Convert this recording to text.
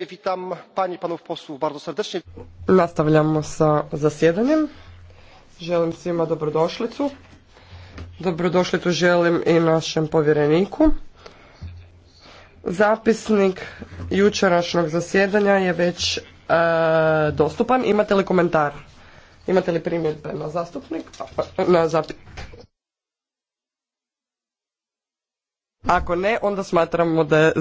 Witam panie i panów posłów bardzo serdecznie. Nastavljamo sa zasjedanjem. Želim svima dobrodošlicu. Dobrodošlicu želim i našem povjereniku. Zapisnik jučerašnjeg zasjedanja je već e, dostupan. Imate li komentar? Imate li primjedbe na zastupnik? Pa, pa, na zapis... Ako ne, onda smatramo da je